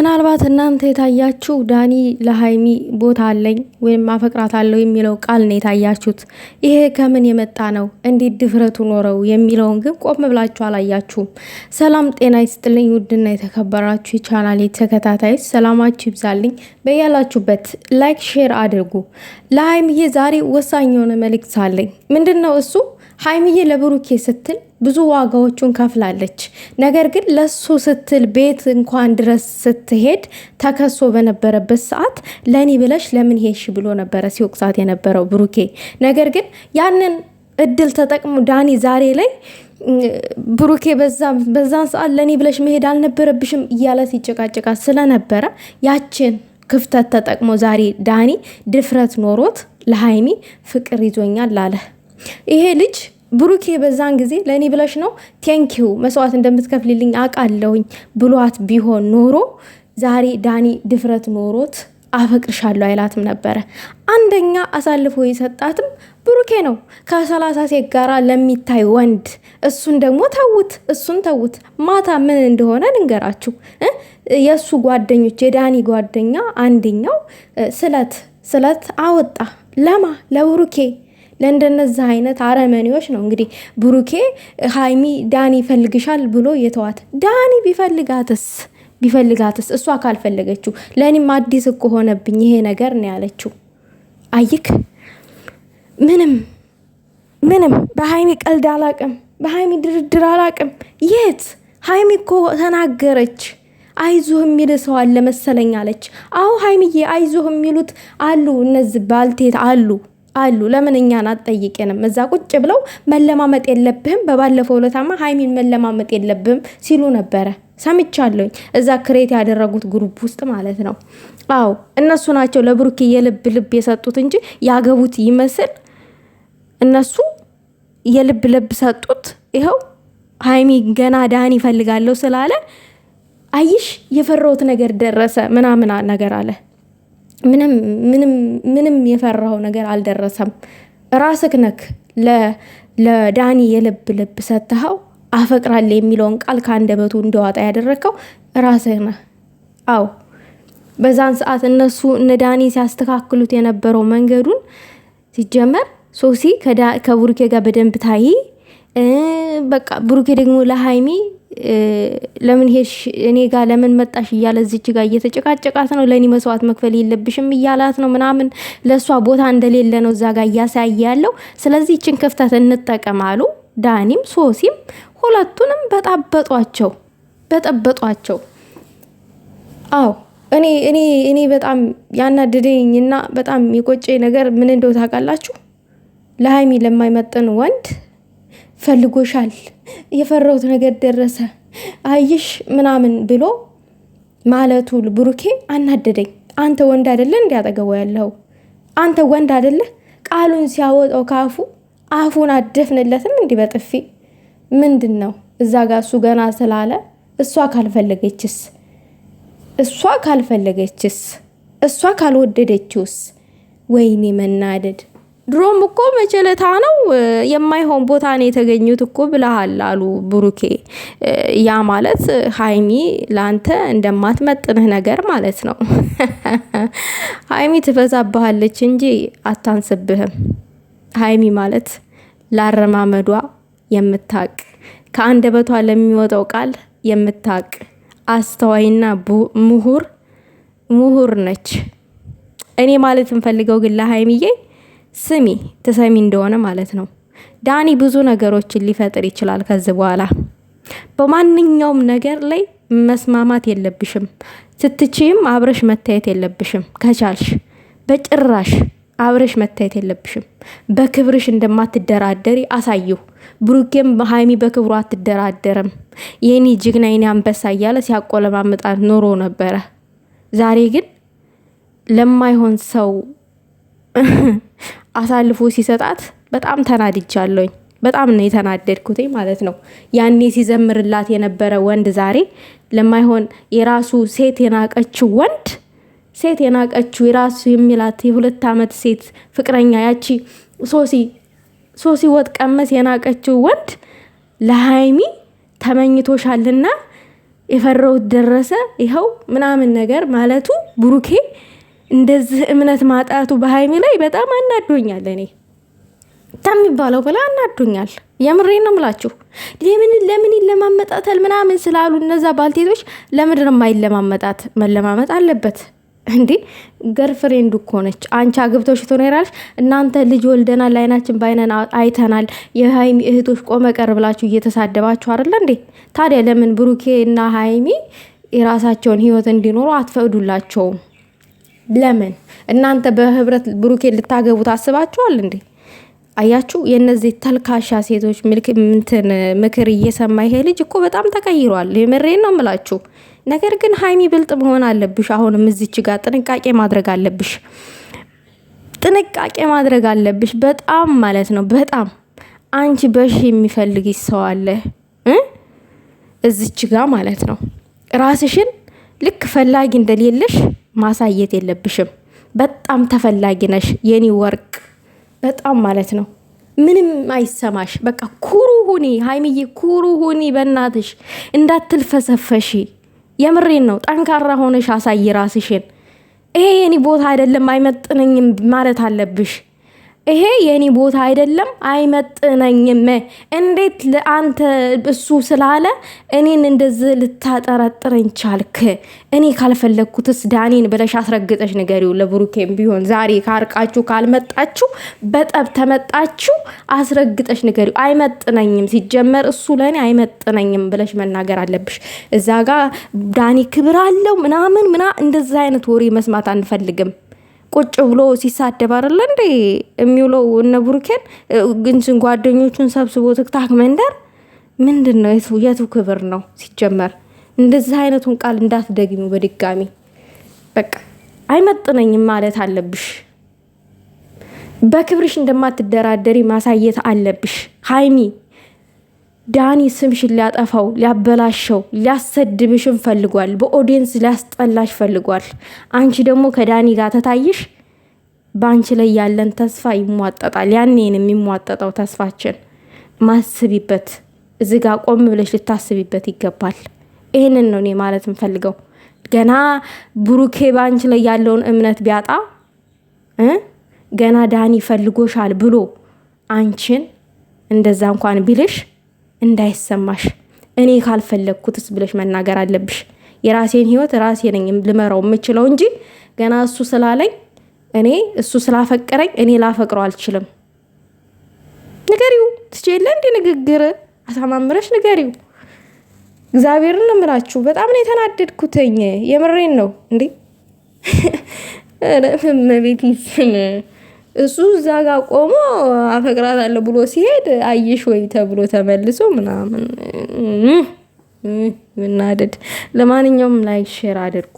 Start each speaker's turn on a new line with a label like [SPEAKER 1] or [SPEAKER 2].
[SPEAKER 1] ምናልባት እናንተ የታያችሁ ዳኒ ለሀይሚ ቦታ አለኝ ወይም አለው የሚለው ቃል ነው የታያችሁት። ይሄ ከምን የመጣ ነው? እንዴት ድፍረቱ ኖረው የሚለውን ግን ቆም ብላችሁ አላያችሁም። ሰላም ጤና ይስጥልኝ። ውድና የተከበራችሁ የቻናሌ ተከታታዮች ሰላማችሁ ይብዛልኝ። በያላችሁበት ላይክ፣ ሼር አድርጉ። ለሀይሚዬ ዛሬ ወሳኝ የሆነ መልእክት አለኝ። ምንድን ነው እሱ? ሀይሚዬ ለብሩኬ ስትል ብዙ ዋጋዎቹን ከፍላለች። ነገር ግን ለሱ ስትል ቤት እንኳን ድረስ ስትሄድ ተከሶ በነበረበት ሰዓት ለእኔ ብለሽ ለምን ሄሽ ብሎ ነበረ ሲወቅሳት የነበረው ብሩኬ። ነገር ግን ያንን እድል ተጠቅሞ ዳኒ ዛሬ ላይ ብሩኬ በዛን ሰዓት ለእኔ ብለሽ መሄድ አልነበረብሽም እያለ ሲጨቃጨቃት ስለነበረ ያችን ክፍተት ተጠቅሞ ዛሬ ዳኒ ድፍረት ኖሮት ለሀይሚ ፍቅር ይዞኛል አለ። ይሄ ልጅ ብሩኬ በዛን ጊዜ ለእኔ ብለሽ ነው ቴንኪው መስዋዕት እንደምትከፍልልኝ አውቃለሁኝ ብሏት ቢሆን ኖሮ ዛሬ ዳኒ ድፍረት ኖሮት አፈቅርሻለሁ አይላትም ነበረ። አንደኛ አሳልፎ የሰጣትም ብሩኬ ነው። ከሰላሳ ሴት ጋር ለሚታይ ወንድ እሱን ደግሞ ተውት፣ እሱን ተውት። ማታ ምን እንደሆነ ልንገራችሁ። የእሱ ጓደኞች የዳኒ ጓደኛ አንደኛው ስለት ስለት አወጣ ለማ ለብሩኬ ለእንደነዚህ አይነት አረመኔዎች ነው እንግዲህ ብሩኬ ሀይሚ ዳኒ ይፈልግሻል ብሎ የተዋት። ዳኒ ቢፈልጋትስ ቢፈልጋትስ እሷ ካልፈለገችው ለእኔም አዲስ እኮ ሆነብኝ ይሄ ነገር ነው ያለችው። አይክ ምንም ምንም በሀይሚ ቀልድ አላቅም፣ በሀይሚ ድርድር አላቅም። የት ሀይሚ እኮ ተናገረች። አይዞህ የሚል ሰው አለ መሰለኝ አለች። አዎ ሀይሚዬ አይዞህ የሚሉት አሉ፣ እነዚህ ባልቴት አሉ። አሉ ለምን እኛን አትጠይቀንም? እዛ ቁጭ ብለው መለማመጥ የለብህም በባለፈው ዕለታማ ሀይሚን መለማመጥ የለብህም ሲሉ ነበረ ሰምቻለሁኝ። እዛ ክሬት ያደረጉት ግሩፕ ውስጥ ማለት ነው። አዎ እነሱ ናቸው ለብሩኬ የልብ ልብ የሰጡት እንጂ ያገቡት ይመስል እነሱ የልብ ልብ ሰጡት። ይኸው ሀይሚ ገና ዳን ይፈልጋለሁ ስላለ አይሽ የፈራሁት ነገር ደረሰ ምናምን ነገር አለ። ምንም ምንም ምንም ነገር አልደረሰም። ራስክ ነክ ለዳኒ የልብ ልብ ሰጥተኸው አፈቅራለ የሚለውን ቃል ከአንደበቱ እንደዋጣ ያደረግከው ራስህ ነህ። አዎ በዛን ሰዓት እነሱ እነ ዳኒ ሲያስተካክሉት የነበረው መንገዱን ሲጀመር ሶሲ ከቡሩኬ ጋር በደንብ ታይ፣ በቃ ቡሩኬ ደግሞ ለሀይሚ ለምን ሄድሽ እኔ ጋር ለምን መጣሽ እያለ እዚች ጋር እየተጨቃጨቃት ነው። ለእኔ መስዋዕት መክፈል የለብሽም እያላት ነው ምናምን ለእሷ ቦታ እንደሌለ ነው እዛ ጋር እያሳየ ያለው። ስለዚህ ይችን ክፍተት እንጠቀም አሉ። ዳኒም ሶሲም ሁለቱንም በጣበጧቸው በጠበጧቸው። አዎ እኔ እኔ እኔ በጣም ያናደደኝና በጣም የቆጨኝ ነገር ምን እንደው ታውቃላችሁ? ለሀይሚ ለማይመጥን ወንድ ፈልጎሻል፣ የፈራሁት ነገር ደረሰ፣ አይሽ ምናምን ብሎ ማለቱ ብሩኬ አናደደኝ። አንተ ወንድ አደለ እንዲያጠገበው ያለው አንተ ወንድ አይደለ? ቃሉን ሲያወጣው ከአፉ አፉን አደፍንለትም እንዲህ በጥፊ ምንድን ነው እዛ ጋር እሱ ገና ስላለ እሷ ካልፈለገችስ እሷ ካልፈለገችስ እሷ ካልወደደችውስ? ወይኔ መናደድ ድሮም እኮ መቸለታ ነው የማይሆን ቦታ ነው የተገኙት እኮ ብለሃል አሉ ብሩኬ። ያ ማለት ሀይሚ ለአንተ እንደማትመጥንህ ነገር ማለት ነው። ሀይሚ ትበዛብሃለች እንጂ አታንስብህም። ሀይሚ ማለት ላረማመዷ የምታቅ ከአንደበቷ ለሚወጣው ቃል የምታቅ አስተዋይና ምሁር ምሁር ነች። እኔ ማለት የምፈልገው ግን ለሀይሚዬ ስሚ ትሰሚ እንደሆነ ማለት ነው ዳኒ ብዙ ነገሮችን ሊፈጥር ይችላል። ከዚህ በኋላ በማንኛውም ነገር ላይ መስማማት የለብሽም። ስትችይም አብረሽ መታየት የለብሽም። ከቻልሽ በጭራሽ አብረሽ መታየት የለብሽም። በክብርሽ እንደማትደራደሪ አሳየሁ። ብሩኬም ሀይሚ በክብሩ አትደራደርም። የኔ ጅግና የኔ አንበሳ እያለ ሲያቆለማምጣት ኖሮ ነበረ። ዛሬ ግን ለማይሆን ሰው አሳልፎ ሲሰጣት በጣም ተናድጃለሁኝ። በጣም ነው የተናደድኩትኝ ማለት ነው። ያኔ ሲዘምርላት የነበረ ወንድ ዛሬ ለማይሆን የራሱ ሴት የናቀችው ወንድ ሴት የናቀችው የራሱ የሚላት የሁለት ዓመት ሴት ፍቅረኛ ያቺ ሶሲ ሶሲ ወጥ ቀመስ የናቀችው ወንድ ለሀይሚ ተመኝቶሻልና የፈረውት ደረሰ ይኸው ምናምን ነገር ማለቱ ብሩኬ እንደዚህ እምነት ማጣቱ በሀይሚ ላይ በጣም አናዶኛል። እኔ ከሚባለው በላይ አናዶኛል። የምሬ ነው ምላችሁ። ለምን ለምን ይለማመጣታል ምናምን ስላሉ እነዛ ባልቴቶች ለምድር የማይለማመጣት መለማመጥ አለበት እንዴ? ገርፍሬንድ እኮ ነች። አንቺ አግብተሽ ትኖራለሽ። እናንተ ልጅ ወልደናል፣ አይናችን በአይነን አይተናል። የሀይሚ እህቶች ቆመ ቀር ብላችሁ እየተሳደባችሁ አይደለ እንዴ? ታዲያ ለምን ብሩኬ እና ሀይሚ የራሳቸውን ህይወት እንዲኖሩ አትፈቅዱላቸውም? ለምን እናንተ በህብረት ብሩኬን ልታገቡ ታስባችኋል እንዴ? አያችሁ፣ የእነዚህ ተልካሻ ሴቶች ምንትን ምክር እየሰማ ይሄ ልጅ እኮ በጣም ተቀይሯል። የምሬን ነው ምላችሁ። ነገር ግን ሀይሚ ብልጥ መሆን አለብሽ። አሁንም እዚች ጋር ጥንቃቄ ማድረግ አለብሽ። ጥንቃቄ ማድረግ አለብሽ በጣም ማለት ነው። በጣም አንቺ በሺ የሚፈልግ ይሰዋለ እዚች ጋር ማለት ነው። ራስሽን ልክ ፈላጊ እንደሌለሽ ማሳየት የለብሽም። በጣም ተፈላጊ ነሽ የኔ ወርቅ፣ በጣም ማለት ነው። ምንም አይሰማሽ። በቃ ኩሩ ሁኒ ሀይሚዬ፣ ኩሩ ሁኒ በእናትሽ እንዳትልፈሰፈሺ። የምሬን ነው። ጠንካራ ሆነሽ አሳይ ራስሽን። ይሄ የኔ ቦታ አይደለም አይመጥነኝም ማለት አለብሽ። ይሄ የኔ ቦታ አይደለም፣ አይመጥነኝም። እንዴት ለአንተ እሱ ስላለ እኔን እንደዚህ ልታጠረጥረኝ ቻልክ? እኔ ካልፈለግኩትስ ዳኔን ብለሽ አስረግጠሽ ንገሪው። ለብሩኬም ቢሆን ዛሬ ካርቃችሁ ካልመጣችሁ በጠብ ተመጣችሁ አስረግጠሽ ንገሪው። አይመጥነኝም፣ ሲጀመር እሱ ለእኔ አይመጥነኝም ብለሽ መናገር አለብሽ። እዛ ጋ ዳኔ ክብር አለው ምናምን ምና እንደዚህ አይነት ወሬ መስማት አንፈልግም። ቁጭ ብሎ ሲሳደብ አይደለ እንዴ የሚውለው? እነ ቡርኬን ግንስን ጓደኞቹን ሰብስቦ ትክታክ መንደር ምንድን ነው? የቱ ክብር ነው? ሲጀመር እንደዚህ አይነቱን ቃል እንዳትደግሚ በድጋሚ በቃ አይመጥነኝም ማለት አለብሽ። በክብርሽ እንደማትደራደሪ ማሳየት አለብሽ ሀይሚ። ዳኒ ስምሽን ሊያጠፋው ሊያበላሸው ሊያሰድብሽን ፈልጓል። በኦዲየንስ ሊያስጠላሽ ፈልጓል። አንቺ ደግሞ ከዳኒ ጋር ተታይሽ በአንቺ ላይ ያለን ተስፋ ይሟጠጣል። ያኔን የሚሟጠጠው ተስፋችን ማስቢበት፣ እዚ ጋ ቆም ብለሽ ልታስቢበት ይገባል። ይህንን ነው እኔ ማለት የምፈልገው። ገና ብሩኬ በአንቺ ላይ ያለውን እምነት ቢያጣ ገና ዳኒ ፈልጎሻል ብሎ አንቺን እንደዛ እንኳን ቢልሽ እንዳይሰማሽ እኔ ካልፈለግኩትስ ብለሽ መናገር አለብሽ። የራሴን ህይወት ራሴ ነኝ ልመራው የምችለው እንጂ ገና እሱ ስላለኝ እኔ እሱ ስላፈቀረኝ እኔ ላፈቅረው አልችልም። ንገሪው ትቼ የለ እንዲ ንግግር አሳማምረሽ ንገሪው። እግዚአብሔርን ነው የምላችሁ። በጣም ነው የተናደድኩትኝ። የምሬን ነው እንዴ እመቤቴ እሱ እዛ ጋር ቆሞ አለ ብሎ ሲሄድ አየሽ ወይ ተብሎ ተመልሶ ምናምን ምናደድ። ለማንኛውም ላይክ ሼር አድርጉ።